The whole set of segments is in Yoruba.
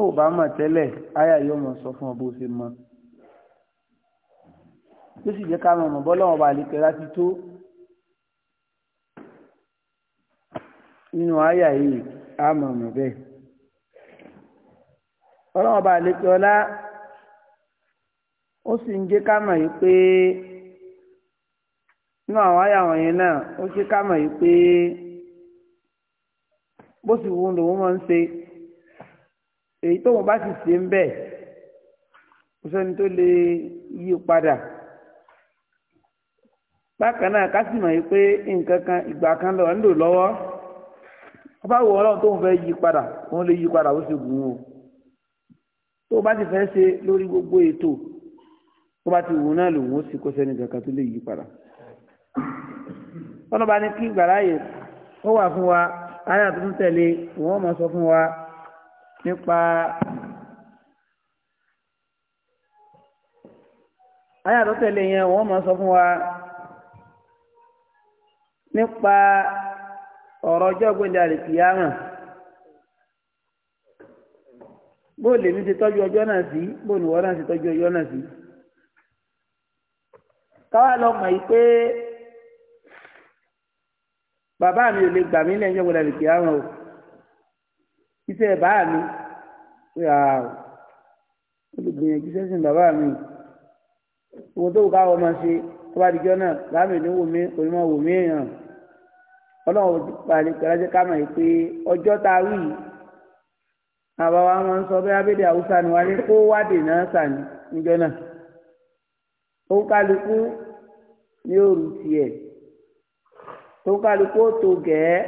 tó o bá mọ̀ tẹ́lẹ̀ aya yóò mọ̀ sọ fún ọ bó ṣe mọ̀ tó sì jẹ́ ká mọ̀ mọ̀ bọ́lọ́wọ́n bá lè kẹ́ra ti tó nínú aya yìí á mọ̀ mọ̀ bẹ́ẹ̀ ọlọ́wọ́n bá lè kẹ́ ọlá ó sì ń jẹ́ ká mọ̀ yìí pé nínú àwọn àyà wọ̀nyẹn náà ó jẹ́ ká mọ̀ yìí pé bó sì wù ú lòun máa ń ṣe èyí tóun bá sì ṣe ń bẹ̀ kò sẹ́ni tó lè yí padà bákan náà ká sì mọ̀ yìí pé nǹkan kan ìgbà kan lọ ń lò lọ́wọ́ ọba wo ọlọ́run tóun fẹ́ yí padà òun lè yí padà ó sì gùn o tó o bá ti fẹ́ ṣe lórí gbogbo ètò tó bá ti wù náà lòun ó sì kó sẹ́ni kankan tó lè yí padà wọn bá ní kí gbàráyè ó wà fún wa ayé àtúntò tẹ̀lé wọn máa sọ fún wa nípa àyà tó tẹ̀lé yẹn wọ́n máa sọ fún wa nípa ọ̀rọ̀ ọjọ́ gbẹ̀dẹ̀ àlìkìyàmà bó lèmi ti tọ́jú ọjọ́ náà sí bó ni wọ́n náà ti tọ́jú ọjọ́ náà sí. káwá lọ mọ̀ yìí pé bàbá mi ò lè gbà mí lẹ́yìn ọjọ́ gbẹ̀dẹ̀ àlìkìyàmà o iṣẹ́ bàbá mi pé ààrùn olùgbìyànjú sẹ́sìn bàbá mi owó tó kù káwọ́ máa ṣe tó bá dijọ́ náà láàmì ní wò mí onímọ̀ wò mí èèyàn ọlọ́run pàlẹ́ pẹ̀lẹ́jẹ́ ká mọ̀ pé ọjọ́ ta wí àbá wa máa ń sọ bí abédè haúsá ni wálé kó wádè náà sàn níjọ́ náà òun kálukú ní òrùn tiẹ̀ òun kálukú ó tó gẹ̀ẹ́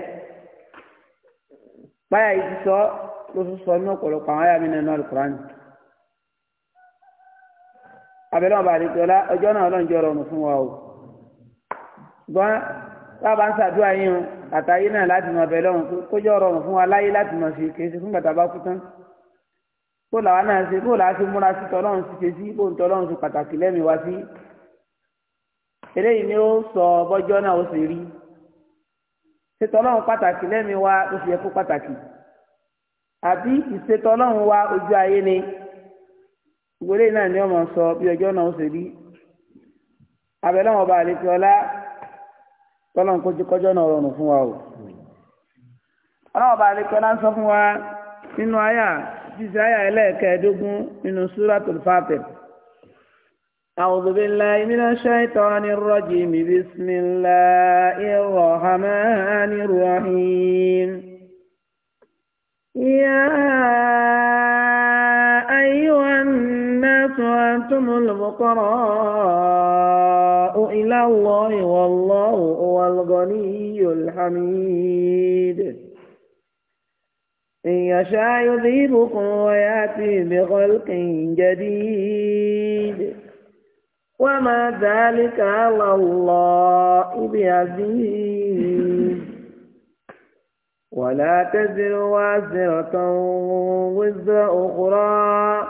báyà yìí ti sọ ló tún sọ ní ọ̀pọ̀lọpọ̀ àwọn àyà mi nínú alukurani abẹ́lẹ́ wọn bá rí jọlá ọjọ́ náà ọlọ́njọ́ rọrùn fún wa o ṣùgbọ́n bábà ń ṣàdúrà yín o àtàyé náà láti mọ abẹ́lẹ́ wọn kójọ́ rọrùn fún wa láyé láti mọ̀ sí kèsì fún gbàtà bá kú tán bó làwa náà ṣe bó làá ṣe múra sí tọ́lọ́run ṣe sí bó ń tọ́lọ́run ṣe pàtàkì lẹ́mìí wá sí eléyìí ni ó sọ bọ́jọ́ náà ó sì rí ìṣètò ọlọ́run pàtàkì lẹ́mi wa ló fi yẹ kó pàtàkì àbí ìṣètò ọlọ́run wa ojú ayé ni ìwélé náà ni ọmọ sọ bí ọjọ́ náà ó ṣe rí abẹ́lẹ́wọ̀n ọba àlejò ọlá tọ́lọ́n kójú kọjọ́ náà rọrùn fún wa o ọlọ́run ọba àlejò ọlá ń sọ fún wa nínú àyà bíi àyà ẹlẹ́ẹ̀kẹ́ẹ̀dógún nínú súrà tó أعوذ بالله من الشيطان الرجيم بسم الله الرحمن الرحيم يا أيها الناس أنتم الفقراء إلى الله والله هو الغني الحميد إن يشاء يذيبكم ويأتي بخلق جديد وما ذلك على الله بعزيز ولا تزر وازرة وزر أخرى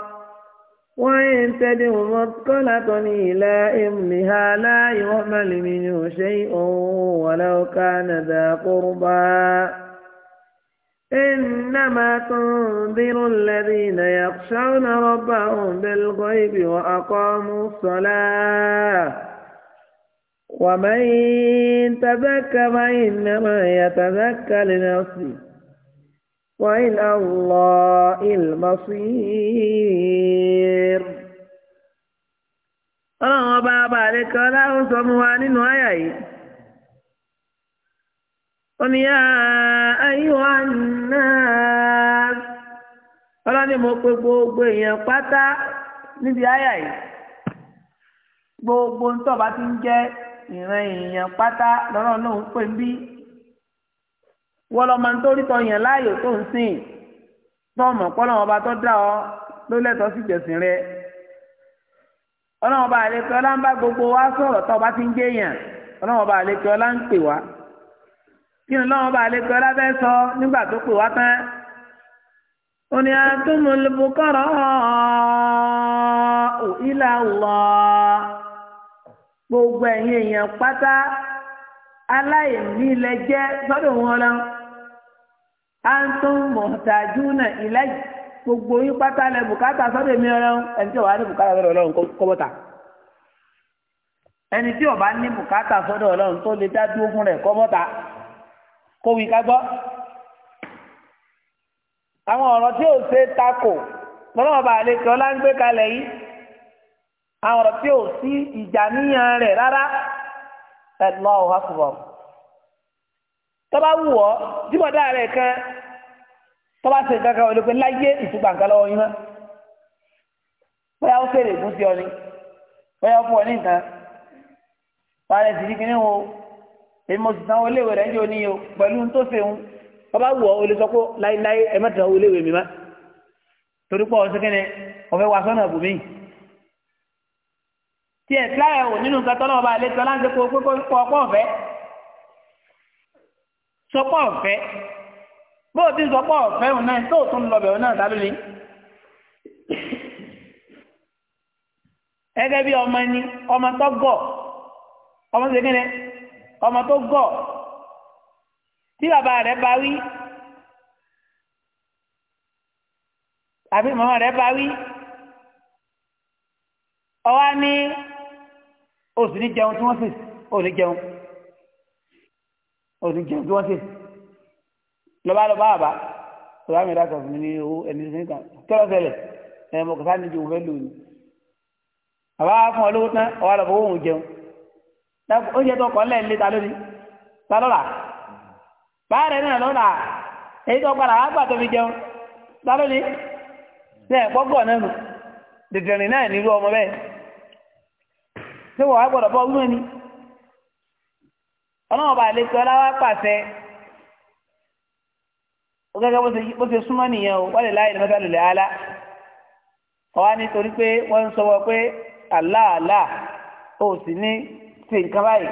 وإن تدع مثقلة إلى أمها لا يعمل منه شيء ولو كان ذا قربى إنما تنذر الذين يخشون ربهم بالغيب وأقاموا الصلاة ومن تذكر فإنما يتذكر لنفسه وإلى الله المصير ọlọ́run ọba ọba àlekọ́ láwọn mú wa nínú àyà yìí oní yá ayíwá náà ọlọ́ni mo pe gbogbo èèyàn pátá níbi àyà yìí gbogbo ntọ́ bá ti ń jẹ́ ìran èèyàn pátá lọ́rọ̀ náà ń pè ń bí wọ́n lọ́ọ́ máa ń torí tọ́ yàn láàyò tó ń sìn tọ́ọ̀mù pọ́nà ọba tó dá ọ ló lẹ́tọ̀ọ́ sí ìjọsìn rẹ ọlọ́wọ́n ọba àlekẹ́ ọlá ń bá gbogbo wa sọ̀rọ̀ tọ́ ọba ti ń jẹ́ yàn ọlọ́wọ́n ọba àlekẹ́ ọlá ń pè wá. kí n lọ́wọ́ bá lè gbọ́ lábẹ́ sọ nígbà tó pè wá tán ó ní ila gbogbo ẹ̀yin èèyàn pátá aláìní lẹ jẹ́ sọ́dọ̀ wọn lọ antum muhtajuna ilayya gbogbo yín pátá lẹ bùkátà mi kó wí ká gbọ́ àwọn ọ̀rọ̀ tí ò ṣe takò lọ́wọ́ bá lè tọ́ láńgbé kalẹ̀ yìí àwọn ọ̀rọ̀ tí ò sí ìjà níyàn rẹ̀ rárá ẹ̀dùnmọ́ ọ̀hún àkùbọ̀ tọ́ba wù ọ́ jímọ̀dá rẹ̀ kan tọ́ba ṣe kankan wọlé pé láyé ìtúgbàǹkan lọ́wọ́ yín náà bóyá ó fèrè gún sí ọ ni bóyá ó fún ọ ní nǹkan wàá rẹ̀ sì ní kíní wo èmi mo sì sanwó léwé rẹ̀ ń jẹ́ oníyẹ o pẹ̀lú tó fẹ́hun ọba wọ̀ ọ́ olè sọ pé láíláí ẹ mẹ́ta owó léwé mi má torí pọ̀ ọ̀sẹ̀ kẹ́ni ọ̀fẹ́ wa sọ́nà bùnmí. tí ẹ̀ tíláyà ò nínú nǹkan tọ́lọ́ ọba àlẹ́ tọ́lá ń ṣe kó pé ọpọ́ ọ̀fẹ́ sọpọ́ ọ̀fẹ́ bó o ti sọpọ́ ọ̀fẹ́ òun náà tó o tún lọ bẹ̀rù náà dábìlì. ẹgẹ́ bí ọmọ ẹni ọmọ tó gọ̀ ọmọ ṣe kẹ́ni ọmọ tó gọ̀ tí bàbá rẹ̀ bá wí àbí màmá rẹ̀ bá wí ọwọ́ ní oṣù ní jẹun tí wọ́n sì ò ní jẹun oṣù ní jẹun tí wọ́n sì lọ́ba lọ́ba bàbá lọ́ba mi dákọ̀ fún mi ní owó ẹni sí nìkan kẹ́rọ̀ sẹlẹ̀ ẹ̀ mọ̀ kọ́sá ní ju òun fẹ́ lò ní bàbá fún ọ lówó tán ọwọ́ àlọ́ fọwọ́ òun jẹun oúnjẹ tó kọ́ lẹ́yìn léta lónìí ta lọ́la báyìí náà lọ́la èyí tó padà wá gbà tó fi jẹun ta lónìí ṣe ẹ̀kọ́ gbọ̀ náà nù dìdìrín náà nílùú ọmọ bẹ́ẹ̀ ṣé wọ́n wá gbọ́dọ̀ bọ́ wúwo ni ọlọ́wọ́n bá lè sọ láwá pàṣẹ gẹ́gẹ́ bó ṣe súnmọ́ nìyẹn o wọ́n lè láyé lọ́sẹ̀ lòlẹ̀ ala ọ̀wá nítorí pé wọ́n ń sọ wọ pé Allah Allah ó sì ní ṣe nǹkan báyìí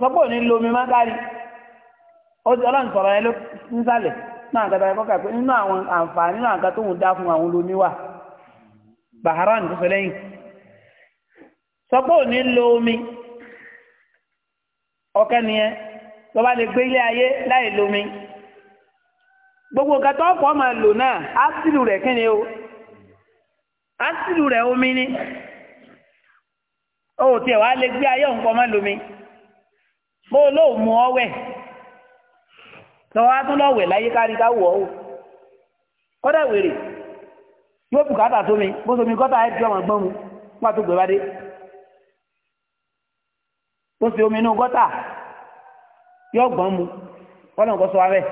sọ́pọ̀ ní lomi máa kárí ọlọ́run sọ̀rọ̀ ẹ ló ń sálẹ̀ náà nǹkan báyìí kọ́kà nínú àwọn àǹfààní nínú àǹkan tóun dá fún àwọn olóníwà bàhárán tó lẹ́yìn sọ́pọ̀ ní lomi ni nìyẹn tó bá lè gbé ilé ayé láì lomi gbogbo nǹkan tó máa lò náà rẹ̀ kí ni o o tiẹ̀ wá lè gbé ayé òun kọ́ mọ́ lómi bó o lóò mú ọ wẹ̀ tọ́wọ́ á tún lọ wẹ̀ láyé kárí ká wọ̀ ọ́ kọ́dà wèrè yóò bùkátà tómi bó somi gọ́tà ẹ̀ fi ọmọ gbọ́n mu nígbà tó gbé wá dé bó ṣe omi inú gọ́tà yóò gbọ́n mu kọ́dà nǹkan sọ abẹ́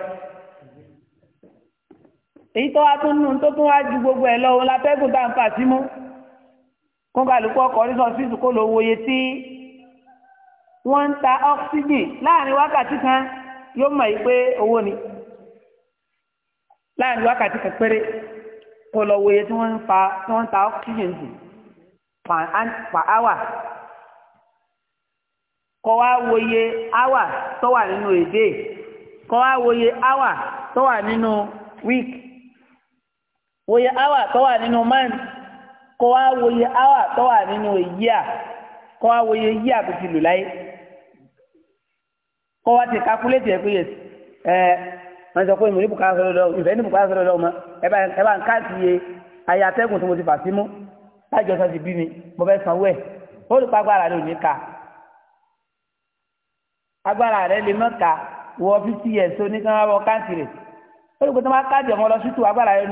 èyí tó wá tún nù tó tún wá ju gbogbo ẹ̀ lọ òun tá à fà sí mú. kó kálukú ọkọ̀ rísọ̀sìsì kó lọ woye tí wọ́n ń ta ọ́ksígìn láàrin wákàtí kan yóò mọ̀ yìí pé owó ni láàrin wákàtí kan péré kó lọ tí wọ́n ń ta ọ́ksígìn sí per hour kó wá tó wà nínú èdè kó wá wòye hour tó wà nínú week kọ́ wá wòye áwà tó wà nínú yíà kọ́ wá wòye yíà tó ti lò láyé kọ́ wá ti ẹ̀ pé ẹ wọ́n sọ pé mo ní sọ̀rọ̀ lọ́wọ́ ìfẹ́ ní bùkátà sọ̀rọ̀ lọ́wọ́ mọ́ ẹ bá ń ayé atẹ́gùn mo ti fà sí mú sọ ka agbára lè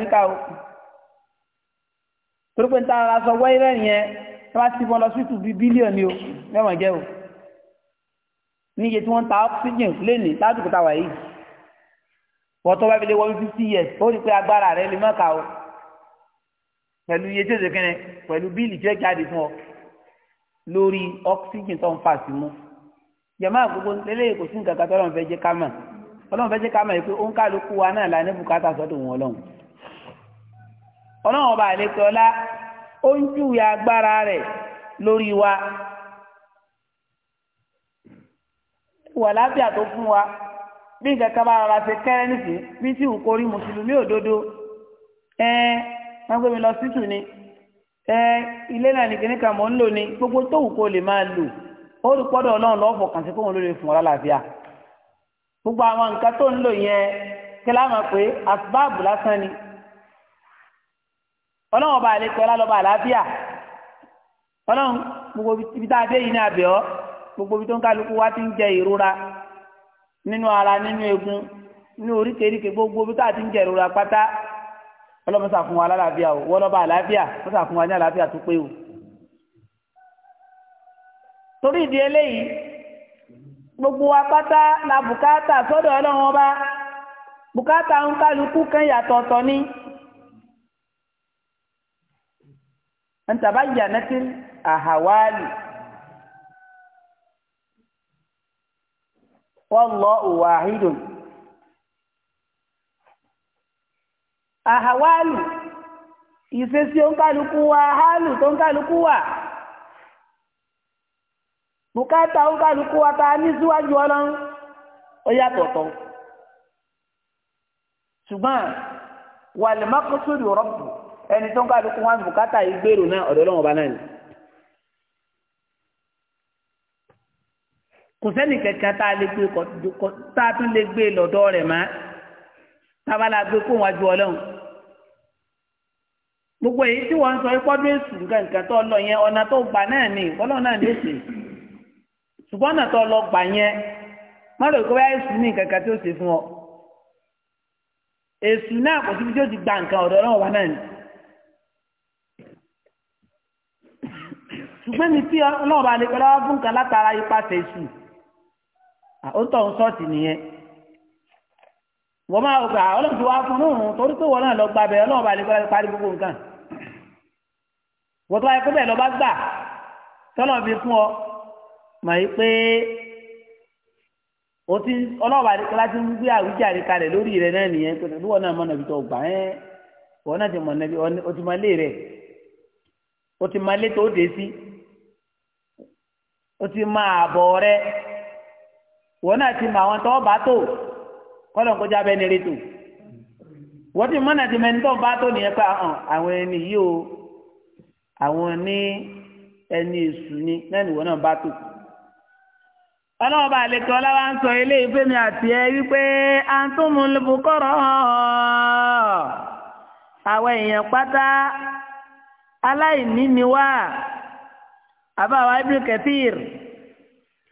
mọ́ torí pé níta ara sọ wẹ́rẹ́ yẹn tí wọ́n ti bọ́ lọ sítù bíi bílíọ̀nù o mẹ́wọ̀n jẹ́ o ní iye tí wọ́n ń ta oxygen léèní lásìkò táwa yìí wọ́n tó bá fi lé wọ́n fifty years ó rí pé agbára rẹ lè má kà o pẹ̀lú iye tí ó ṣe kẹ́nẹ pẹ̀lú bíìlì tí ó jáde fún ọ lórí oxygen tó ń fà sí mú jẹ̀mọ́ àgbogbo lélẹ́yìn kò sí nǹkan kan tó lọ́n fẹ́ jẹ́ ká mọ̀ ọlọ́run fẹ́ jẹ́ ká mọ̀ yìí pé ó ń kálukú wa náà la ní bùkátà sọ́dọ̀ wọn ọlọ́run ọlọ́run ọba àlejò ọlá ó ń júwe agbára rẹ̀ lórí wa wà lábíà tó fún wa bí nǹkan kan bá rọra ṣe kẹ́rẹ́ nìsín bí tí ò kórí mùsùlùmí òdodo wọ́n gbé mi lọ sí ni ilé náà ní kíníkà ń lò ní gbogbo tó wù kó lè máa lò ó rí pọ́dọ̀ ọlọ́run ọ lálàáfíà gbogbo àwọn nǹkan tó ń lò yẹn kí ọlọ́run ọba àlejò ọlá lọ́ba àlàáfíà ọlọ́run gbogbo ibi tá a dé yìí ní gbogbo ibi tó ń kálukú wá ti ń jẹ ìrora nínú ara nínú egun nínú oríkèéríkèé gbogbo ibi tá a ti ń jẹ ìrora pátá ọlọ́run sà fún wa lálàáfíà o wọ́n lọ́ba àlàáfíà wọ́n sà fún wa ní gbogbo wa pátá la bùkátà sọ́dọ̀ ọba bùkátà ń kálukú ni. ń tàbá yànnẹ́tì àhàwálì wallahu wahidun àhàwálì ìṣesí òǹkàlùkù wa hálù tó ǹkàlùkù wa bùkátà òǹkàlùkù wa ta ní síwájú ọlọ́run ó yàtọ̀tọ̀ ṣùgbọ́n wal maqsudu rabbu ẹni tó ń ká dúkú wọn bùkátà yìí gbèrò náà ọ̀dọ̀ ọlọ́wọ́n ọba náà ni. kò sẹ́ni kẹ̀kẹ́ tá a lè gbé kọ́ tá a tún lè gbé lọ́dọ̀ rẹ̀ mọ́ tábàlà gbé kó wọn ju ọlọ́run. gbogbo èyí tí wọ́n ń sọ ikọ́dún èsù nǹkan tó lọ yẹn ọ̀nà tó gbà náà ni ọlọ́run náà ní èsì ṣùgbọ́n ọ̀nà tó lọ gbà yẹn mọ́rọ̀ ìkọ́ bá èsù ní nǹkan kan tí ó ṣe fún ọ. èsù náà kò síbi tí ó ti gba nǹkan ọ̀dọ̀ ọlọ́run wa náà ni. ṣùgbọ́n ní tí ọlọ́ọ̀bá lè pẹ́ lọ́wọ́ fún kan látara ipasẹ̀ èṣù ó tọ̀ ń sọ́ọ̀tì nìyẹn wọ́n máa gbà ọlọ́run ti wá fún un torí pé wọ́n náà lọ gbàbẹ̀ ọlọ́ọ̀bá lè pẹ́ parí gbogbo nǹkan wọ́n tó wáyé pé bẹ́ẹ̀ gbà tọ́lọ̀ fi fún ọ mọ̀ yí pé o ti ọlọ́ọ̀bá adékọ́lá ti ń gbé àwíjàre kalẹ̀ lórí rẹ náà nìyẹn pé wọ́n náà mọ̀ nàbí tó gbà ẹ́ wọ́n náà o ti mọ̀ o ti máa létò òde sí o ti máa àbọ̀ rẹ wọn náà ti mọ àwọn tó bá tó kọ́lọ̀ ń kọjá bẹ́ẹ̀ ni rétò wọ́n ti mọ́nà ti mẹ́ni tó bá tó nìyẹn pé àwọn ẹni yìí o àwọn ní ẹni èṣù ni lẹ́nu ìwọ náà bá tó ọlọ́ọ̀bà àlekè ọláwà ń sọ ilé ìfẹ́mi àti ẹ wípé à ń tún mú lùbùkọ́rọ̀ àwọn èèyàn pátá aláìní ni wá àbáwá ibnu Kathir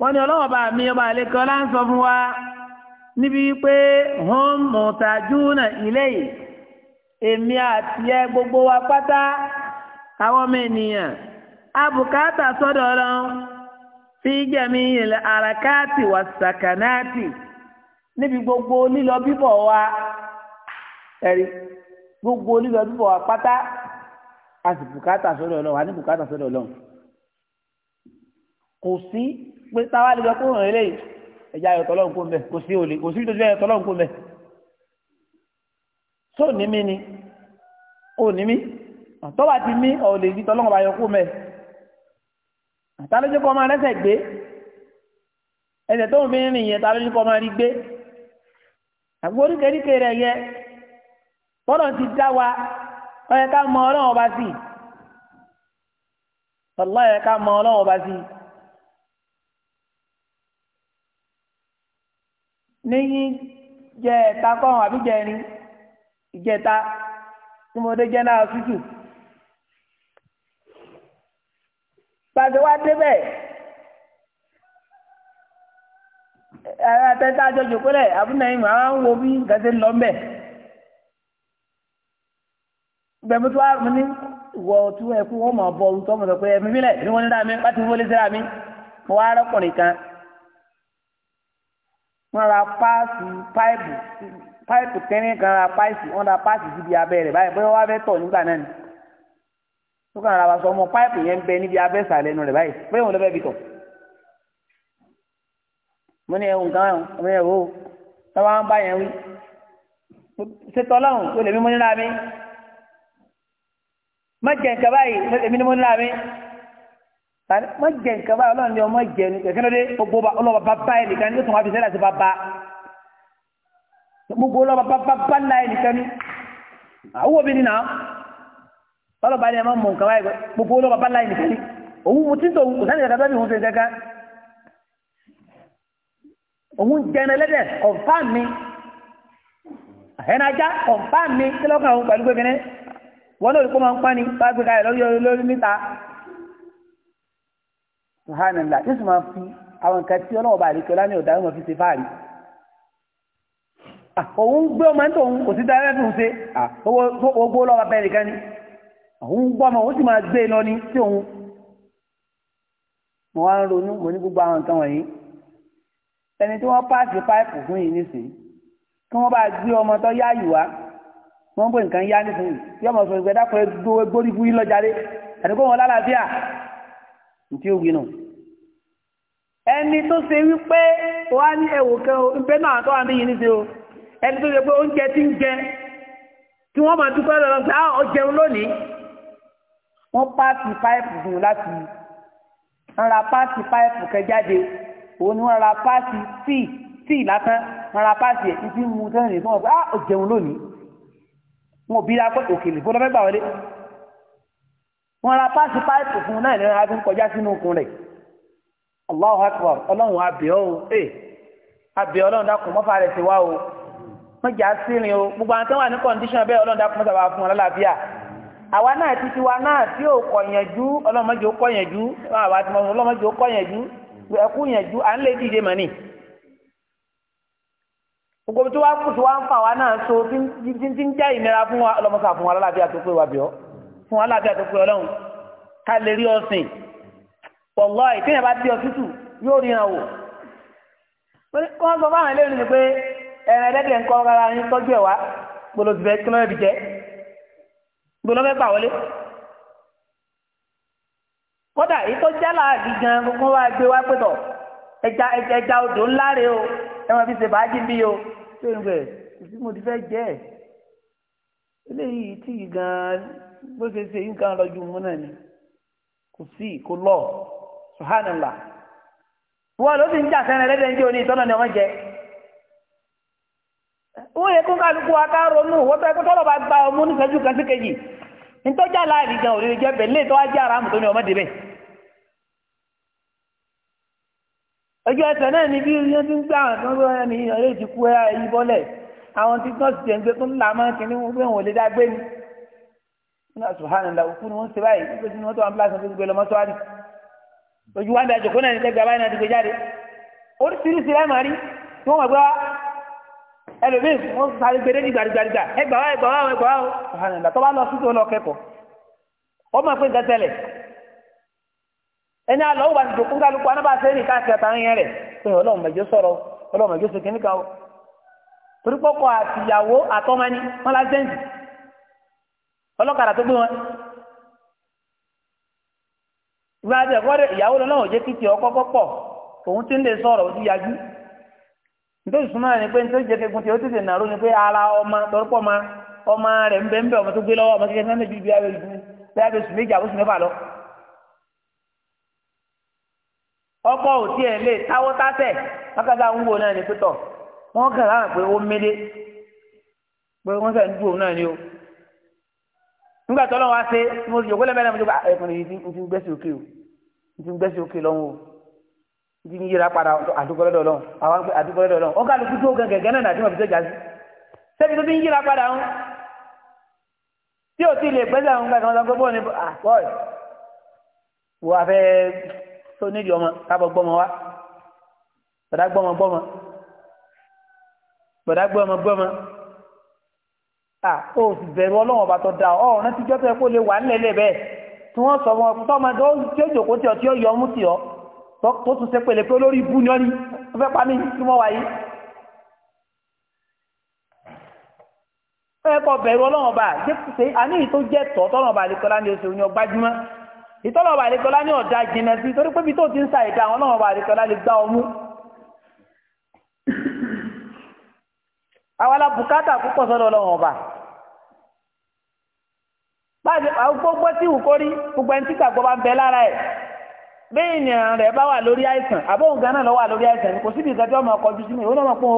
wọ́n ní ọlọ́wọ́ bá mi ọba àlekọ láǹsọ fún wa níbi pé hum mutajuna ilayhi èmi àti ẹ gbogbo wa pátá àwọn ọmọ ènìyàn abùkátà sọ́dọ̀ Ọlọ́run fi jẹmi ilẹ àràkáàtì wà sàkànáàtì níbi gbogbo lílọ bíbọ̀ wa ẹrí gbogbo lílọ bíbọ̀ wa pátá a sì bùkátà sọ́dọ̀ ọlọ́run a ní bùkátà sọ́dọ̀ ọlọ́run kò sí pé táwa lè lọ kóhùn eléyìí ẹja ayọ̀tọ̀ ọlọ́run kó mbẹ kò sí òòlì kò sí ìtọ́jú ayọ̀tọ̀ ọlọ́run kó mbẹ tó ní mí ni ó ní mí tọ́ba ti mí ọ̀ọ́lẹ̀ ìdítọ́ ọlọ́run bá yọ kó mbẹ àtàlójúkọ́ máa rẹ́sẹ̀ gbé ẹsẹ̀ tó ń fi rìn yẹn tàlójúkọ́ máa rí gbé àgbóríkèríkè rẹ̀ yẹ tọ́lọ̀ ti dá wa ó yẹ ká mọ ọlọ́run ọba sí ọlọ́run yẹ ká mọ ọlọ́run ọba sí. níyí jẹ ẹ̀ta kọ́hún àbí jẹrin ìjẹta tí mo dé jẹ́ náà tútù. pàṣẹ wá débẹ̀ ẹ̀ẹ́dẹ́gbẹ́ta jọjọ pẹ́lẹ̀ àbúnáyìn àwọn àwọn wo bí gàdé lọ́mbẹ̀ bẹ̀mí tó wá ní wọ tí wọ́n ẹ̀kú wọ́n mọ̀ bọ̀ ohun tó mọ̀ sọ pé ni wọ́n ní dáa mi láti wọlé síra mi mo wá rọ́kùnrin kan wọ́n ra páàsì páìpù páìpù tẹ́rín kan ra páìsì wọ́n ra páàsì síbi abẹ́ rẹ̀ báyìí bóyá wọ́n fẹ́ tọ̀ nígbà náà ni tó kàn ra wa sọ ọmọ páìpù yẹn ń bẹ níbi abẹ́ ìsàlẹ̀ ẹnu rẹ̀ báyìí bóyá òun ló fẹ́ fi tọ̀ mo ní ẹ̀hún kan ọmọ yẹn wò ó bá yẹn wí ṣètọ́ ọlọ́run tó lè mímú nílá mi má jẹ nǹkan báyìí èmi ni mo ń láàmì má jẹ nǹkan báyìí ọlọ́run ni ọmọ jẹ ní kẹ̀kẹ́ lóde gbogbo ọlọ́ba bàbá ẹ̀ nìkan ní ó tún wá fi sẹ́lẹ̀ sí bàbá gbogbo ọlọ́ba bàbá bá ńlá ẹ̀ nìkan ní àwọn òbí nínà ọlọ́ba ni ẹ má mọ nǹkan báyìí gbogbo ọlọ́ba bá ńlá ẹ̀ nìkan ní òun mo ti ń tò òun kò sẹ́ni ìdàgbà bí òun ṣe gẹ́gẹ́ òun jẹun ẹlẹ́dẹ̀ ọ̀fà mi ẹ̀hẹ́n ajá ọ̀fà mi kí lọ́kàn òun pẹ̀lú gbẹ́gbẹ́ wọ́n lórí kó máa ń pọ́n ni bá gbé kalẹ̀ lọ́yọ́ lórí níta sùhánàlá yóò sì máa fi àwọn nǹkan tí ọlọ́wọ́ bá àdékẹ́ ọlá ní ọ̀dà yóò máa fi ṣe fáàrí òun gbé ọmọ ní tòun kò sí dáadáa tó ń ṣe owó lọ́wọ́ bẹ́ẹ̀ nìkan ni òun gbọ́ ọmọ òun sì máa gbé e lọ ní tí òun mo wá ń ronú mo ní gbogbo àwọn nǹkan wọ̀nyí ẹni tí wọ́n páàsì páìpù fún yìí nísìnyí kí wọ́n bá gbé ọmọ tó yáàyù wá wọ́n pè nǹkan yá nísìnyí yọmọ sọ ìgbẹ́dá pẹ́ gbórí fún yín lọ́jà dé àdúgbò wọn lálàáfíà ntí ó gbin nù. ẹni tó ṣe wípé wà ní ẹ̀wò kan o nbẹ náà tó wà ní yìí níṣe o ẹni tó ṣe pé oúnjẹ ti ń jẹ tí wọ́n máa dúpẹ́ lọ́wọ́ pé ah, ó jẹun lónìí wọ́n pààtì páìpù dùn láti ń ra pààtì páìpù kẹ jáde òun ni wọ́n ra pààtì tíì tíì látàn wọ́n ra pààtì ẹ̀ títí mu tẹ́lẹ̀ ní fún ọ pé ah, ó jẹun lónìí wọn ò bí ra pé òkèlè bó lọ́fẹ́ gbà wọlé wọn ra páàsì páìpù fún un náà ní wọn fi ń kọjá sínú okùn rẹ̀ Allahu akbar ọlọ́run abẹ́ ọ́ eh, ẹ̀ abẹ́ ọlọ́run dákun mọ́fà rẹ̀ ti wá o wọ́n jà sírin o gbogbo àwọn tó wà ní kọ́ndíṣàn bẹ́ẹ̀ ọlọ́run dákun mọ́tàbà fún ọlọ́làbíà àwa náà ti tiwa náà tí ò kọ̀yànjú ọlọ́mọdé ó kọ̀yànjú àwa ti mọ̀ ọlọ́mọdé ó kọ̀yànjú ẹ̀kú yànjú à ń lè dìde mọ́ ni gbogbo tí wàá kùtù wàá ń fà wá náà so tí ń jẹ́ ìnira fún wa ọlọ́mọsà fún wa lálàáfíà tó pé wa bíọ́ fún wa lálàáfíà tó pé ọlọ́run ká lè rí ọsìn pọ̀lọ́ ìpínlẹ̀ bá ti ọsítù yóò rí ìrànwọ́. wọ́n sọ fáwọn ẹlẹ́rìí ni pé ẹ̀rìn ẹlẹ́dẹ̀ ń kọ́ rárá yín tọ́jú ẹ̀ wá gbọ́dọ̀ ti fẹ́ kí lọ́wọ́ ibi jẹ́ gbọ́dọ̀ fẹ́ gbà wọlé. kódà èyí ẹ máa fi ṣe fàájì bí o tó ń bẹ̀ kò sí mo ti fẹ́ jẹ́ ẹ̀ eléyìí tí gan-an bó ṣe ṣe nǹkan lọ́jú mú náà ni kò sí kò lọ sùhánàlá wọ́n ló ti ń jà sẹ́rin ẹlẹ́dẹ̀ ń jẹ́ òní ìtọ́nà ni wọ́n jẹ ó yẹ kó kálukú wa ká ronú wọ́n tó yẹ kó tọ́lọ̀ bá gba ọmú níṣẹ́jú kan sí kejì nítọ́jà láàrin gan òní jẹ́ bẹ̀ lé tó wá jẹ́ àràmù ọmọdé bẹ́ẹ̀. ọjọ́ ẹsẹ̀ náà ni bí wọ́n ti ń gbà wọ́n tó ń bọ́ ẹni ọ̀rẹ́ ìdíkú ẹ̀ yí bọ́lẹ̀ àwọn tí wọ́n ti tẹ̀gbẹ́ tó ń la máa ń kíní wọ́n pé wọ́n lè dá gbé ni. nínú àṣùhánà ńlá òkú ni wọ́n ń ṣe báyìí wípé tí wọ́n tó wọn pílásì fún gbé lọ mọ́ṣúárì. ojú wa ń da jòkó náà ní tẹ́gbẹ́ abáyé náà ti gbé jáde. oríṣiríṣi láì máa tí wọ́n mọ̀ pé ẹlòmíì wọ́n sáré gbé déjì gbàdúgbàdúgbà ẹgbàá ẹgbàá ẹgbàá ẹni àlọ́ wà ní ìdòkú kálukú anábàáṣe ní káàkiri àtàrin yẹn rẹ̀ pé ọlọ́run mẹjọ sọ̀rọ̀ ọlọ́run mẹjọ o àtìyàwó wọn ọlọ́kadà tó gbé wọn. àti ẹ̀kọ́ rẹ̀ ìyàwó lọ́wọ́ jẹ́ kí ọkọ́ pọ̀ òun ti ń lè sọ̀rọ̀ ojú yájú nítorí súnmọ́ ẹni pé nítorí jẹ́ kegun tí ó tètè nàró ni pé ara ọmọ tọ́lọ́pọ̀ ọmọ rẹ̀ ń bẹ́ ń bẹ́ ọmọ ọkọ ò tiẹ̀ lè táwọ́ tásẹ̀ kákàtà ń wò náà ní pẹ́tọ̀ wọ́n kà láwọn pé ó médè pé wọ́n sẹ̀ ń dúró náà ni o nígbà tó lọ́wọ́ wá sí mo ti yòókù lẹ́mẹ́rin mo ti gba ẹ̀kùnrin yìí ti ń gbẹ́sì òkè o ti ń gbẹ́sì òkè lọ́wọ́ o ti ń yíra padà àdúgbò lọ́dọ̀ lọ́wọ́ àwọn àdúgbò lọ́dọ̀ lọ́wọ́ ó kálukú tó gẹ̀gẹ̀ náà nàdí wọn fi tó jà sí sẹ́ni tó ti ń yíra padà ń tí ò ti lè gbẹ́sẹ̀ àwọn gbàgbọ́n sọ pé bọ́ọ̀ ni ah, bọ́ọ̀ tó nídi ọmọ kábọ̀ gbọ́mọ wá bọ̀dá gbọ́mọ gbọ́mọ bọ̀dá gbọ́mọ gbọ́mọ à ó sì bẹ̀rù ọlọ́wọ́n bá tọ́ da ọ ọ̀rán tíjọ́ tó yẹ kó lè wà nílẹ̀ bẹ́ẹ̀ tí wọ́n sọ wọn tó ọmọ tó tí ó jòkó tí ọ tí ó yọ ọmú tì ọ tó tún ṣe pèlè pé olórí ibú ni ọ ní wọ́n fẹ́ pa mí tí wọ́n wà yìí. ẹ kọ bẹ̀rù ọlọ́wọ́n bá jẹ́ pé àníyí tó jẹ́ tọ́ tọ́lọ́wọ́n bá lè kọ́lá ní oṣù ní ọgbájúmọ́ ìtọ́lọ̀wà àríkọlá ní ọ̀dá jìnà sí torí pé bí tó ti ń sa ìdá àwọn ọlọ́wà àríkọlá lè gbá ọmú àwọn alábùkátà púpọ̀ sọ́dọ̀ ọlọ́wọ̀n ọba gbogbo tí ìwùkọ́ rí gbogbo ẹni títà gbọba ń bẹ lára ẹ̀ bí ènìyàn rẹ̀ bá wà lórí àìsàn àbóhùn gan náà lọ wà lórí àìsàn kò síbi ìgbàjọ́ ọmọ ọkọ̀jú sínú ìwé náà pọ̀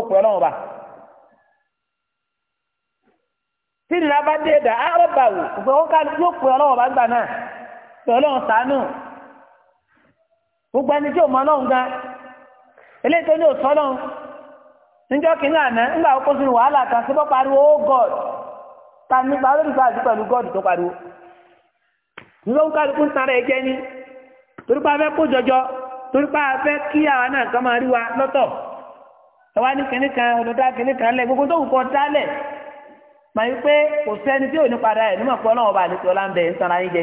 náà tọ́lọ́run sànù gbogbo ẹni tí ò mọ ọlọ́run gan eléyìí tó ní òtọ́ ọlọ́run níjọ́ kìíní àná ńgbà ó kó sínú wàhálà kan sí bọ́ pariwo ó oh god ta nípa olólùfẹ́ àti pẹ̀lú god tó pariwo nígbà ó kálukú ń tara kó jọjọ gbogbo tó dálẹ̀ màá yí pé kò sẹ́ni tí ò ní padà ẹ̀ nímọ̀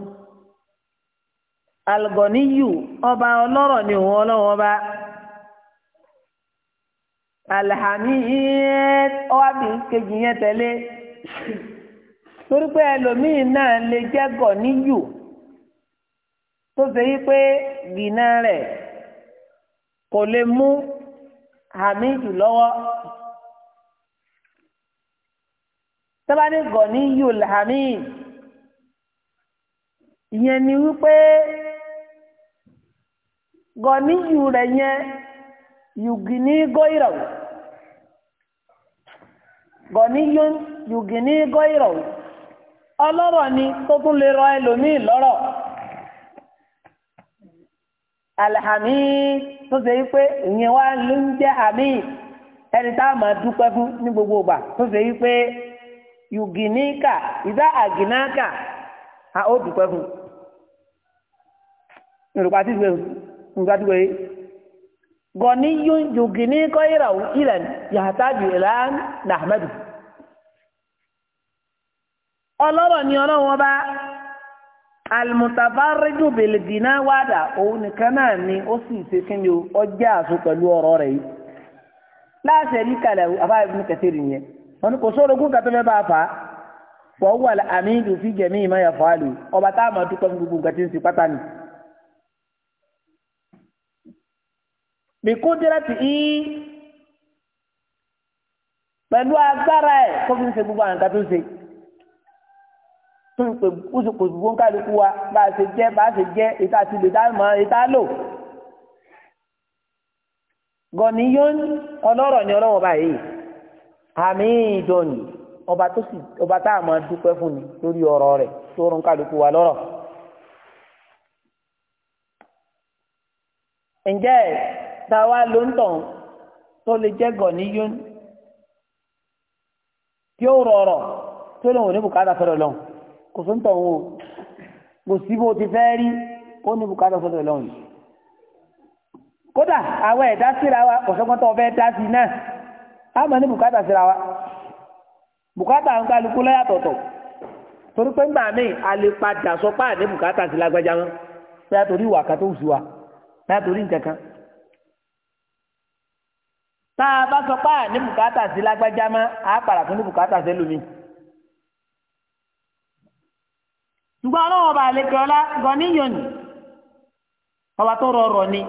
algoniyu ọba ọlọ́rọ̀ ni òun ọlọ́run ọba alhamid ọwábì kejì yẹn tẹ̀lé torí pé ẹlòmíín náà lè jẹ́ gọ̀níyù tó ṣe yí pé gìnà rẹ̀ kò lè mú hamidu lọ́wọ́ sábàdé gọ̀níyù alhamid ìyẹn ni wípé. gọ̀níyù rẹ̀ yẹn yùgìní gọ́ìrọ̀ gọ̀níyù ọlọ́rọ̀ ni tó tún lè rọ ẹlòmíì lọ́rọ̀ alhami tó ṣe pé ìyẹn wá ló ń jẹ́ àmì ẹni tá a máa dúpẹ́ fún ní gbogbo ìgbà tó pé ìdá àgìnákà a ó dúpẹ́ fún. Yorùbá ti gbé ngadiwe ghaniyun yugini ghayrahu ilan yahtaju ilan nahmadu ọlọ́rọ̀ ni ọlọ́run ọba almutafarriju bilgina wada òun nìkan náà ni ó sì ṣe kí ni ó jẹ́ àṣọ pẹ̀lú ọ̀rọ̀ rẹ̀ yìí láti ẹ̀rí kalẹ̀ afáyé fún kẹsìrì yẹn wọn ni kò sóòrò kún kàtó fẹ́ bá a fà á wọ́n wà láàmì ìlú fi jẹ̀mí ìmọ̀ yẹn fọ́ àlù ọba táwọn máa dúpẹ́ fún gbogbo nǹkan bìkúndínláti í pẹ̀lú agbára ẹ̀ kó fi ń ṣe gbogbo àǹkà tó ṣe tó ń pè kó sì gbóǹkà lóko wa bá a ṣe jẹ́ bá a ṣe jẹ́ ìta àti ìlú ìta mọ́ ìta lò gọ̀ọ́nì yóò ń ọlọ́rọ̀ ni ọlọ́wọ́ báyìí àmì ìdọ̀nì ọba tó sì ọba tá a máa dúpẹ́ fún ni lórí ọ̀rọ̀ rẹ̀ tó rún kálukú wa lọ́rọ̀. ǹjẹ́ táwa ló ń tàn tó lè jẹ́ gọ̀ ní yón tí ó rọrọ̀ tó lòun ò ní bùkátà sọ̀rọ̀ lọ́hùn kò sí ń tàn o kò sí bó ti fẹ́ rí ó ní bùkátà sọ̀rọ̀ lọ́hùn kódà àwọn ẹ̀dá síra wa ọ̀sọ́gbọ́n tó fẹ́ dá sí náà á mọ̀ ní bùkátà síra wa bùkátà ń kálukú lọ́yàtọ̀tọ̀ torí pé ńgbà míì a lè padà sọ páà ní bùkátà sí lágbájá wọn bóyá torí ìwà kan tó wù sí wa bóyá torí nǹkan tá a bá sọ pé ní bùkátà sí lágbájá mọ́ á padà tún ní bùkátà sí lómi. ṣùgbọ́n ọlọ́wọ́ bá lè kọ́lá gan níyàn ní ọba tó rọrọ̀ ni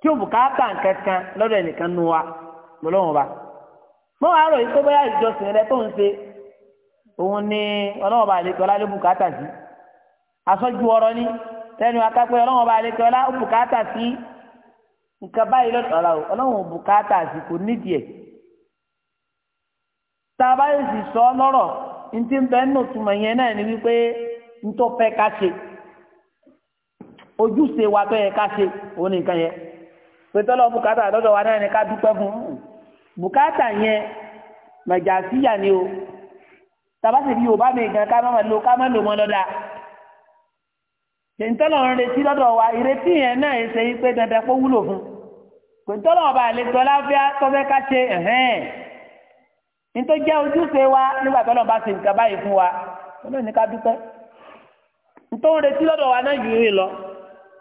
tí ò bùkátà kankan lọ́dọ̀ ẹnìkan nu wa lọ́wọ́ bá. mo wá rò yìí tó bóyá ìjọsìn rẹ tó ń ṣe òun ni ọlọ́wọ́ bá lè kọ́lá ló bùkátà sí. àsọjú ọ̀rọ̀ ni tẹnu akápẹ́ ọlọ́wọ́ bá lè kọ́lá bùkátà sí nǹkan báyìí lọ́dọ̀ ọ̀la o ọlọ́run bùkátà àsìkò nídìí ẹ̀ tá a bá yẹ sì sọ ọ lọ́rọ̀ ntí ń bẹ nínú tùmọ̀ yẹn náà ni wípé ntọ́ fẹ́ ká ṣe ojúṣe wa tó yẹ ká ṣe òun nìkan yẹ pé tọ́lọ́ bùkátà lọ́dọ̀ wa náà ni ká dúpẹ́ fún bùkátà yẹn mẹ̀jà síyà ni o tá a bá sì bí yorùbá mi gan ká má lò ká má lò mọ́ lọ́dà. tẹ̀ntọ́lọ̀ ń retí lọ́dọ̀ wa ìrètí yẹn náà ń ṣe pé dandan kó wúlò fún tẹ̀ntọ́lọ̀ ọba àlejò láfíà tọ́fẹ́ ká ṣe ẹ̀hẹ́n nítorí jẹ́ ojúṣe wa nígbà tọ́lọ̀ bá ṣe nǹkan báyìí fún wa ní ká dúpẹ́ nítorí retí lọ́dọ̀ wa náà yìí rìn lọ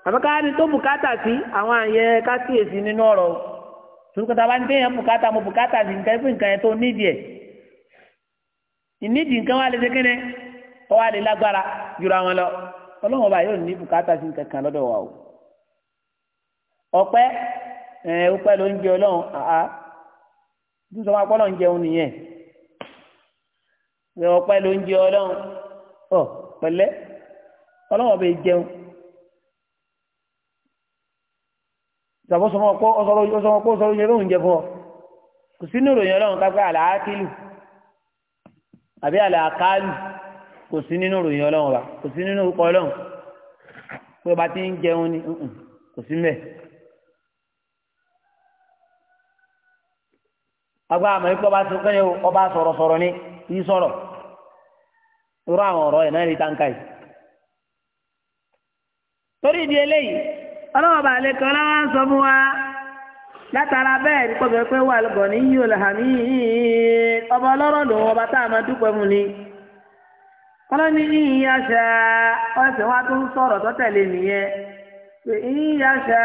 àbíká ni tó bùkátà sí àwọn àyẹ ká kíyèsí nínú ọ̀rọ̀ tòkòtà bá ní ọlọ́run ọba yóò ní bùkátà sí nǹkan lọ́dọ̀ wa o ọpẹ́ ẹ ọpẹ́ ló ń jẹ ọlọ́run àá sọ ma pọ́ lọ́n jẹun nìyẹn ló jẹ ọ pẹ̀lẹ́ ọlọ́run ọba jẹun kò sí nínú ìròyìn ọlọ́run wa kò sí nínú orúkọ ọlọ́run pé bá ti ń jẹun ni kò sí mẹ́. agbára àmọ́ ikú ọba sọ̀rọ̀ ọba sọ̀rọ̀ sọ̀rọ̀ ni sọ̀rọ̀ irú àwọn ọ̀rọ̀ ẹ̀ náà torí ìdí eléyìí sọ fún wa látara bẹ́ẹ̀ ní wà ní làmì wọn ní ìyá ṣá wọn ṣe wá tó ń sọ̀rọ̀ tó tẹ̀lé nìyẹn pé ìyá ṣá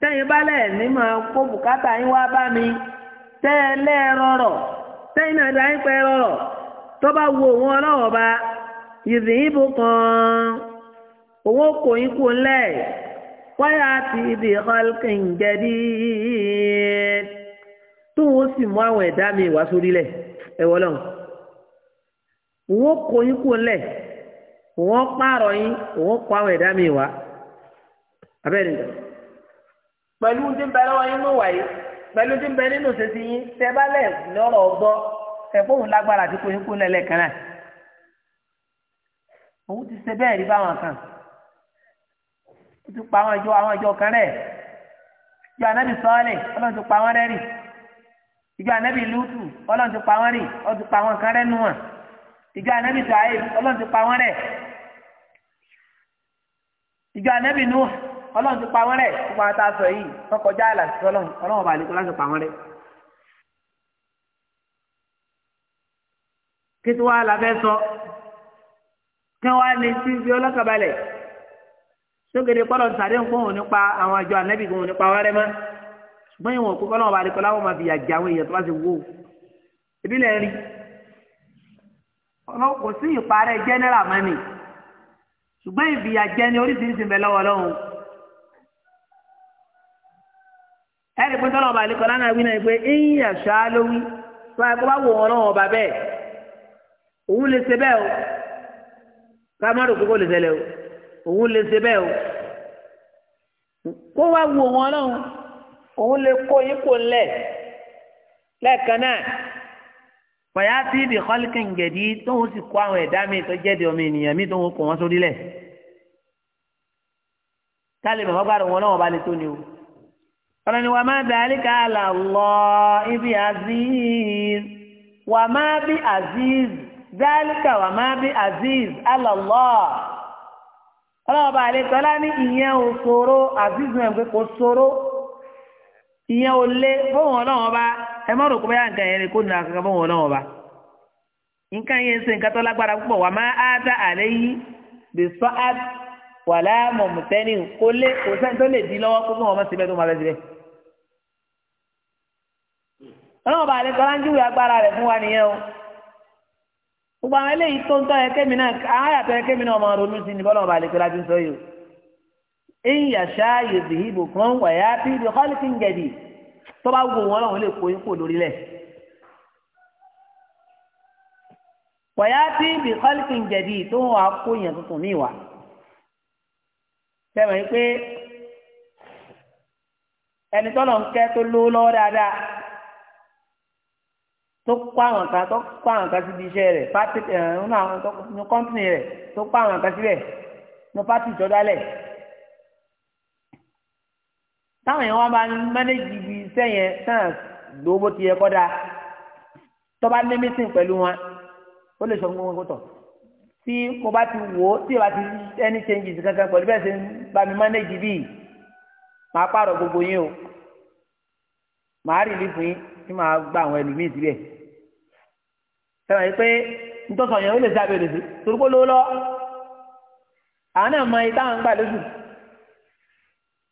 tẹ̀yin balẹ̀ nímọ kó bùkátà yín wá bá mi tẹlẹ rọrọ tẹ̀yin náà dá yín pẹ rọrọ tó bá wo òun ọlọ́wọ́ bá ìdìbò kan òun kò yín kú ńlẹ̀ wáyà ti ibi ọlọ́kìn jẹ́dí tó wọ́n sì mú àwọn ẹ̀dá mi wá sórílẹ̀ ẹ̀wọ́ lọ́hùn. òun ó kó yín kú lẹ̀ òun ó pààrọ̀ yín àwọn mi wá abẹ́rẹ́ nìkan. pẹ̀lú tí ń bẹ lọ́wọ́ yín ló wà yìí pẹ̀lú tí ń bẹ nínú ṣèṣì yín tẹ bá lẹ̀ lọ́rọ̀ ọgbọ́ tẹ fóun lágbára àti ti ṣe bẹ́ẹ̀ rí báwọn kan ó ti pa àwọn ìjọ àwọn ìjọ kan rẹ̀ ìjọ ọlọ́run ti ti pa rì ìjọ anabi shuaib ọlọ́run ti pa wọ́n rẹ́ ìjọ anabi nu ọlọ́run ti pa wọ́n rẹ́ gbogbo àwọn tá a sọ yìí wọ́n kọjá àlà sí ọlọ́run ọlọ́run ọba àlekọ́ láti pa wọ́n rẹ́. kí wàá la fẹ́ sọ kí wàá ní tí fi ọlọ́kàbalẹ̀ sókèdè kọ́lọ̀ sàdé ńkọ́ òun nípa àwọn àjọ anabi kò òun nípa wọ́n rẹ́ mọ́ ṣùgbọ́n ìwọ̀n kó kọ́lọ́ ọba àlekọ́ láwọn máa fi àjà àwọn èèyàn tó bá ti wó ọlọ́run kò sí ìparẹ́ general mọ́nì ṣùgbọ́n ìbìyà jẹ́ ní oríṣiríṣi ń bẹ lọ́wọ́ ọlọ́run ẹ̀rì pé tọ́lọ̀ ọba àlekọ́ lánàá wí náà pé eyín àṣà lówí tó a kó bá wò wọn lọ́wọ́ ọba bẹ́ẹ̀ òun lè ṣe bẹ́ẹ̀ o ká má rò kò lè ṣẹlẹ̀ o òun lè ṣe bẹ́ẹ̀ o kó wá wò wọn lọ́wọ́ òun lè kó yín ńlẹ̀ lẹ́ẹ̀kan náà fọyàtì ìdè kọ́líkì ǹgẹ̀dì tóun sì kó àwọn ẹ̀dá mi tó jẹ́ di ọmọ ènìyàn mi tóun kó wọn sórí lẹ̀ kálí mọ̀ gbàdọ̀ wọn náà wọ́n bá lè tó ni o ọ̀rọ̀ ni wà má dàlíkà àlà lọ ibi aziz wà má bí aziz dàlíkà wà má bí aziz àlà lọ ọlọ́wọ́ bá lè tọ́lá ní ìyẹn ò ṣòro aziz náà pé kò ṣòro ìyẹn ò lé fóun ọlọ́wọ́ bá ẹ má rò pé báyà nǹkan yẹn ni kó nira kankan fún wọn náà ọba nǹkan yẹn ń ṣe nǹkan tó lágbára púpọ̀ wà má á dá àlẹ́ yìí bè sọ á wà láàmọ̀ mùtẹ́ni kó lé kó sẹ́ni tó lè di lọ́wọ́ kó fún wọn mọ́ síbẹ̀ tó máa bẹ́ síbẹ̀. ọlọ́wọ́n bá àlẹ́ sọ́lá ń júwèé agbára rẹ̀ fún wa nìyẹn o gbogbo àwọn eléyìí tó ń tọ́ ẹ kémi náà àwọn àyàtọ̀ ẹ kémi náà máa ronú sí ni bọ́lá ọba àlejò láti yìí o. ìyàṣá yòdì ìbò kan wàyà bí ibi kọ́lì ti ń jẹ̀dì tó bá wù wọn làwọn lè kó yín kó lórí lẹ̀. wọ̀yáàtì bí kọ́lìkì jẹ̀bi tó wà kó yẹn tuntun mí wá. sẹ́wọ̀n yìí pé ẹni tọ́lọ̀ ń kẹ́ tó ló lọ́wọ́ dáadáa tó kó àwọn kan tó kó àwọn kan síbi iṣẹ́ rẹ̀ pátí ẹ̀ ń nínú àwọn tó ní kọ́ńtìnì rẹ̀ tó kó àwọn kan síbẹ̀ ní pátí ìjọdálẹ̀ táwọn yẹn wọn máa mánéjì ibi iṣẹ́ yẹn náà lówó ti yẹ kọ́ da tọ́ba ní mítìn pẹ̀lú wọn ó lè sọ fún wọn kótó tí mo bá ti wò ó tí o bá ti ẹni changes kankan pẹ̀lú bẹ́ẹ̀ ṣe ń bá mi mánéjì bíi màá pààrọ̀ gbogbo yín o màá rí ìlú fún yín tí màá gba àwọn ẹlòmíì síbẹ̀ sẹ́wọ̀n yìí pé nítòsàn yẹn ó lè sábẹ̀ lè sí torí kó lówó lọ àwọn náà mọ iye táwọn ń gbà lóṣù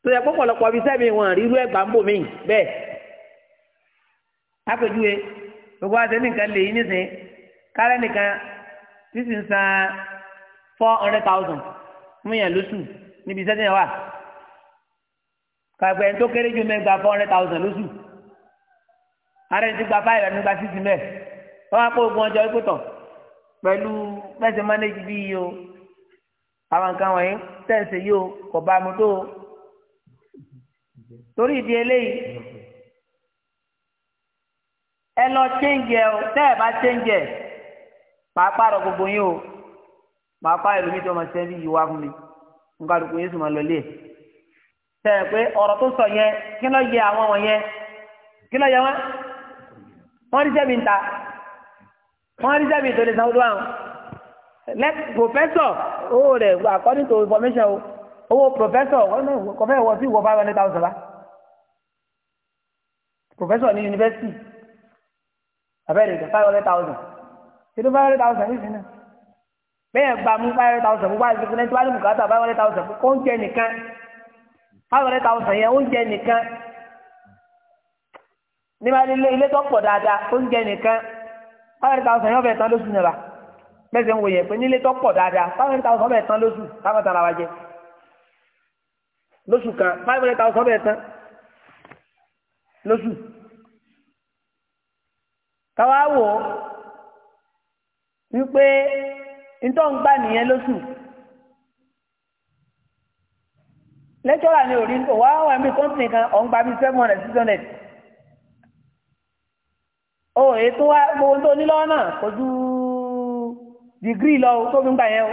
tó yẹ pọ̀pọ̀lọpọ̀ bíi sẹ́mi wọn rírú ẹ̀gbà ń bò mí bẹ́ẹ̀ àpèjúwe gbogbo àti nìkan lè yín nísìn kárẹ́ nìkan sísìn san four hundred thousand fún yàn lóṣù níbi iṣẹ́ tẹ̀yàn wà kàgbẹ́ tó kéré ju mẹ́gbà four hundred thousand lóṣù ààrẹ ti gba five ẹni gba six mẹ́ẹ̀ wọ́n á kó ogun ọjọ́ ikú tọ̀ pẹ̀lú mẹ́sẹ̀ mánéjì bíi yìí o àwọn nǹkan wọ̀nyí tẹ̀sí yìí o kò bá mi tó o torí ìdí eléyìí ẹ lọ ṣéǹjẹ o tẹ́ ẹ bá ṣéǹjẹ màá pààrọ̀ gbogbo yín o màá pààrọ̀ ẹlòmíì tí wọ́n máa ṣe ń bí yìí wá fún mi nǹkan àdùkù yín sì máa lọ lé ẹ̀ tẹ́ ẹ pé ọ̀rọ̀ tó sọ yẹn kí ló yẹ àwọn wọn yẹn kí ló yẹ wọn wọ́n rí sẹ́mi ta wọ́n rí sẹ́mi tó lè sanwó lọ́wọ́ àwọn lẹ́kọ̀ọ́ according to information o owó pòfẹ́sọ̀ kọfẹ́ wọ sí ìwọ five hundred thousand bá pòfẹ́sọ̀ ní yunifásitì abẹ́rẹ́ ìgbà five hundred thousand ṣètò five hundred thousand ní ìsinmi bẹ́ẹ̀ gba mú five hundred thousand fún wáyé fífún ẹni tí wàá ní bùkátà five hundred thousand fún oúnjẹ nìkan five hundred thousand yẹn oúnjẹ nìkan nígbà ilé tó pọ̀ dáadáa oúnjẹ nìkan five hundred thousand yẹn ọbẹ̀ tán lóṣù nìyẹn bá bẹ́ẹ̀ sẹ́ ń wòye pé nílé tó pọ̀ dáadáa five hundred thousand ọbẹ̀ tán lóṣù táwọn tara wa jẹ́ lóṣù kan five hundred thousand bẹ́ẹ̀ tán lóṣù káwá wò ó wípé ntọ́ ń gbà nìyẹn lóṣù lẹ́tọ́rà ni òrí nǹkan wá wà mí kọ́ńtìnì kan ọ̀n gba bí seven hundred six hundred o ètò wa gbogbo tó ní lọ́wọ́ náà kò ju dìgírì lọ tó fi ń gbà yẹn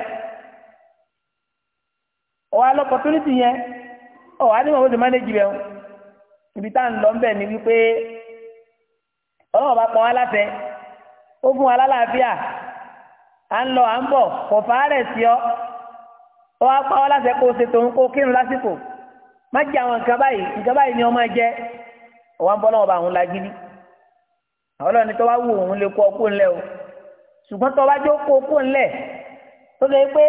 o wà lọ́pọ̀tunítì yẹn ọ wá ní mọ̀ wọ́n ti mánéjì bẹ́ẹ̀ ibi tá à ń lọ ń bẹ̀ ni wípé ọlọ́wọ́ bá pọn aláfẹ́ ó fún wa lálàáfíà à ń lọ à ń bọ̀ kò fàárẹ̀ sí ọ ó wá pa ọ́ láṣẹ kó o ṣe tòun kó kírun lásìkò má jẹ àwọn nǹkan báyìí nǹkan báyìí ni ọmọ jẹ ọwọ́ ń bọ́ lọ́wọ́ bá òun lagídí àwọn ọlọ́ni tó wá wù òun lè kó ọkú ńlẹ̀ o ṣùgbọ́n tó wá jó kó ọkú ńlẹ̀ tó lè pé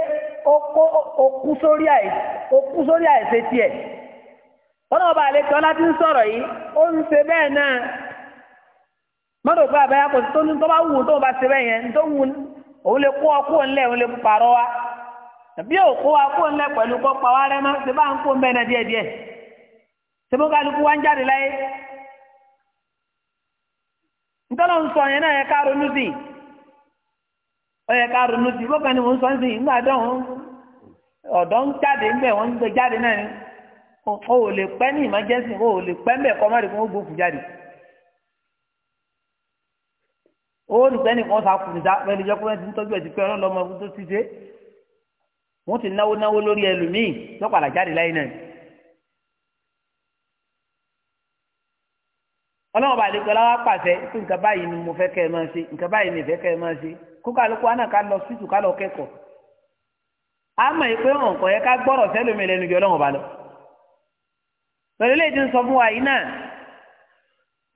ó kó okú sórí àìsè tiẹ̀ àlékọ́ láti ń sọ̀rọ̀ yìí ó ń ṣe bẹ́ẹ̀ náà mọ́tò pé àbáyá kò tó ní tó bá wù tó bá ṣe bẹ́ẹ̀ yẹn tó wù òun lè kó ọkú ńlẹ̀ òun lè pààrọ̀ wa bí ò kó ọkú ńlẹ̀ pẹ̀lú kó pa wá rẹ́ mọ́ ṣe bá ń kó mbẹ́ náà díẹ̀díẹ̀ ṣe bó kálukú wá ń jáde láyé ntọ́lọ́ ń sọ yẹn náà yẹ ká ronú sí ọ yẹ bó kàn ní mò ń sọ sí ìgbà dán ọ̀dọ́ ń jáde ńbẹ̀ wọ́n ń gbé jáde náà ni o ò lè pẹ́ ní emergency o ò lè pẹ́ mbẹ́ kọ́ mọ́rin fún gbókùn jáde ó rí pẹ́ nìkan sàkùnrin dá pẹ́lú ìjọba ẹni tí ń tọ́jú ẹ̀ ti pẹ́ ọlọ́mọ tó ti dé wọ́n ti náwó náwó lórí ẹlòmíì lọ́pàdà jáde láyé náà. ọlọ́run bá àlejò ọlọ́wọ́ pàṣẹ pé nǹkan báyìí ni mo fẹ́ kẹ́ ẹ máa ṣe nǹkan báyìí ni ìfẹ́ kẹ́ ẹ máa ṣe kó kálukú wa náà ká lọ sítù ká lọ kẹ́kọ̀ọ́. a mọ̀ pé ọ̀nkọ̀ yẹ ká gbọ́rọ̀ sẹ́lómi lẹ́nu ju ọlọ́run bá lọ pẹ̀lú lè ti ń sọ fún wa yìí náà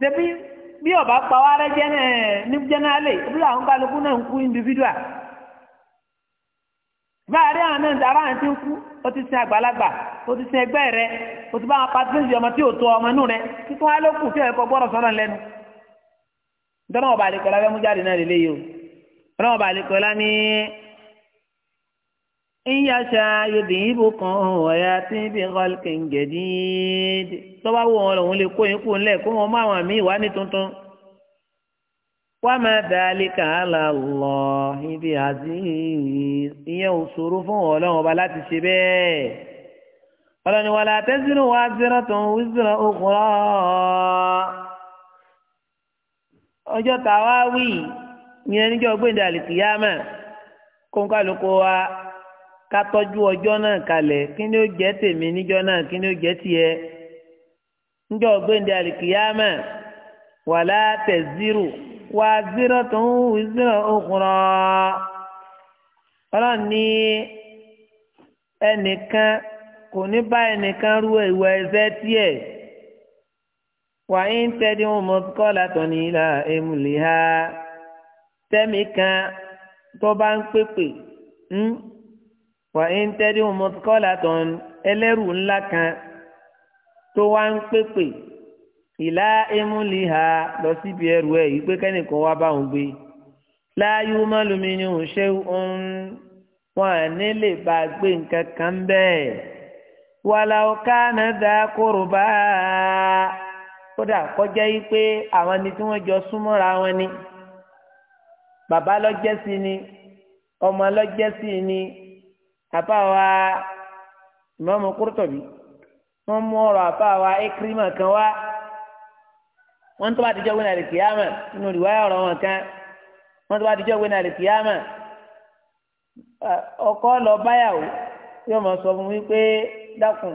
ṣebí bí ọba pa wá rẹ jẹ́ ní jẹ́nálì bí àwọn kálukú náà ń kú individual báàrí àwọn náà dára àwọn tí ń kú ó ti sin àgbàlagbà ó ti sin ẹgbẹ́ rẹ ó ti bá wọn patrisi ọmọ tí ò tó ọmọ inú rẹ kíkún wá ló kù tí ẹ̀kọ́ gbọ́dọ̀ sọ́dọ̀ lẹ́nu dọ́nà ọba àlekọ́lá fẹ́ mú jáde náà lélẹ́yìí o dọ́nà ọba àlekọ́lá ní ìyáṣà yòdì ìbò kan ọ̀yà tí bí kọ́lùkì ń gẹ̀dí tọ́wá wò wọn lòun lè kó yín kú ńlẹ̀ kó wọn máa wọn mí wá ní tuntun. wá máa dàálì kàálà lọ ibi àti ìyẹn ò ṣòro fún ọlọ́run ọba láti ṣe bẹ́ẹ̀. ọlọ́ni wàlá tẹ́sírù wá zero tó ń wíṣírà òkúrọ́ ọjọ́ tàwa wí ìyẹn níjọ́ gbẹ̀dẹ̀ àlìkìyàmà kó ń kálukú wa. ká ọjọ náà kalẹ̀ kí ni ó tèmi níjọ́ náà kí ni ó jẹ́ tiẹ̀ níjọ́ gbẹ̀ndé àlìkìyámà wàlá tẹ̀síìrù wà zírọ̀ tó ń wù zírọ̀ òkùnrọ̀ ọlọ́run ní ẹnìkan kò ní bá ẹnìkan ìwà wà ń tẹ́dí wọn mọ́ kọ́ ha tẹ́mi wà ń tẹ́lẹ̀ mọ́tíkọ́lá tó ń ẹlẹ́rù ńlá kan tó wá ń pèpè ìlà ìmúlìhà lọ síbi ẹrù ẹ̀ yìí pé kẹ́nìkan wá bá òun gbé láàyè mọ́lùmí ni òun ṣe ń wọn à ní lè bá a gbé nǹkan kan bẹ́ẹ̀ wàláwó kánà dá kórùbá kódà kọjá yìí pé àwọn ni tí wọ́n jọ súnmọ́ra wọn ni bàbá lọ́jẹ́ ni ọmọ lọ́jẹ́ ni. àfa wa ìmọ̀ọ́mù kúrútọ̀bí wọ́n mú ọ̀rọ̀ àfa wa kan wá wọ́n tó bá ti jẹ́ wẹ́n àlè nínú ìwáyà ọ̀rọ̀ wọn kan wọ́n tó bá ti jẹ́ wẹ́n àlè kìyàmà ọkọ lọ báyàwó yóò sọ fún mi pé dákun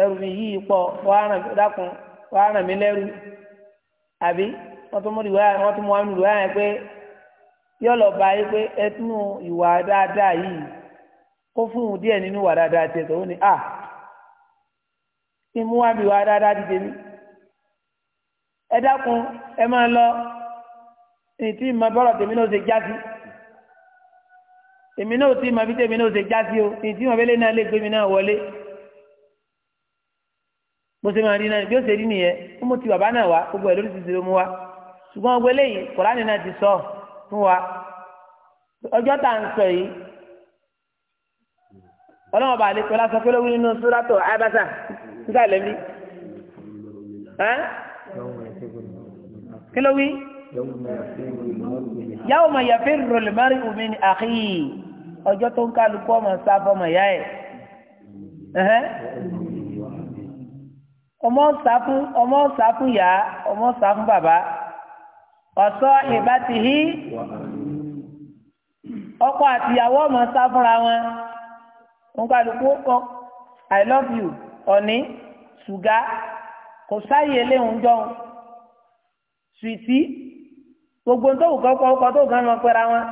ẹrù mi dákun ràn mí lẹ́rù àbí wọ́n mú ìwáyà wọ́n mú nínú ìwáyà pé lọ bá yí pé ìwà dáadáa yìí. ó fún un díẹ̀ nínú wà dáadáa tiẹ̀ tó ní à kí mú wá bí wà dáadáa ti ẹ dákun ẹ máa lọ ní tí ma bọ́rọ̀ tèmi náà ṣe jásí èmi náà tí ma fi tèmi náà ṣe jásí o ní tí wọn bẹ́lẹ̀ náà lè gbé mi náà wọlé bó ṣe máa rí náà bí ó ṣe rí ti bàbá náà wá gbogbo ẹ̀ lórí ti ṣe mú wá ṣùgbọ́n ti sọ fún wa ọjọ́ tá ọlọ́wọ́n bá lè pẹ́lá sọ pé lówí nínú sóràtò abasa nígbà lẹ́bí kí lówí yàwó ma yàfẹ́ rọlẹ̀márì omi ni àkíyì ọjọ́ tó ń kálukú ọmọ sáfọ́ ọmọ ìyá ẹ̀ ọmọ sáfún ọmọ sáfún yá ọmọ sáfún bàbá ọ̀sọ́ ìbátihí ọkọ àtìyàwó ọmọ sáfúnra wọn wọn kálukú ó kọ i love you ọ̀ní ṣùgá kò sáyè léhùn jọun sùìtì gbogbo tó kọ́ kọ́ kọ́ tó kàn máa pẹ́ra wọn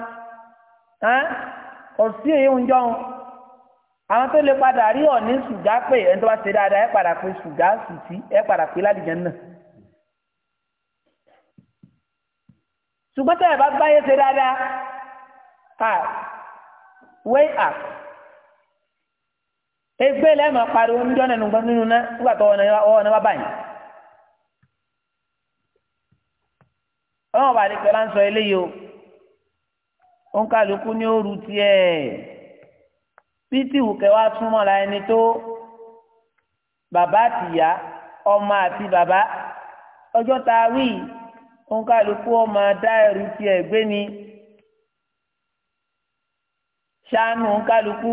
kò sí èyí ń jọun àwọn tó lè padà rí ọ̀ní ṣùgá pé ẹni tó bá ṣe dáadáa ẹ padà pé ṣùgá sùìtì ẹ padà pé ládìjẹ́ náà. ṣùgbọ́n tẹ́ ẹ bá báyé ṣe dáadáa wẹ́ẹ̀ àpò egbe lẹ́ẹ̀mọ̀ pariwo ní jọ́nà nínú nínú náà nígbà tó ọwọ́ náà bá báyìí. ọlọ́wọ́ bá ní pẹ̀lú àǹsọ eléyìí o òǹkàlùkù ní òru tiẹ̀ bí tìwù kẹwàá túmọ̀ la ẹni Baba bàbá àtìyá ọmọ àti bàbá ọjọ́ tá a wí òǹkàlùkù ọmọ dá ẹrù tiẹ̀ gbé ni ṣàánú òǹkàlùkù.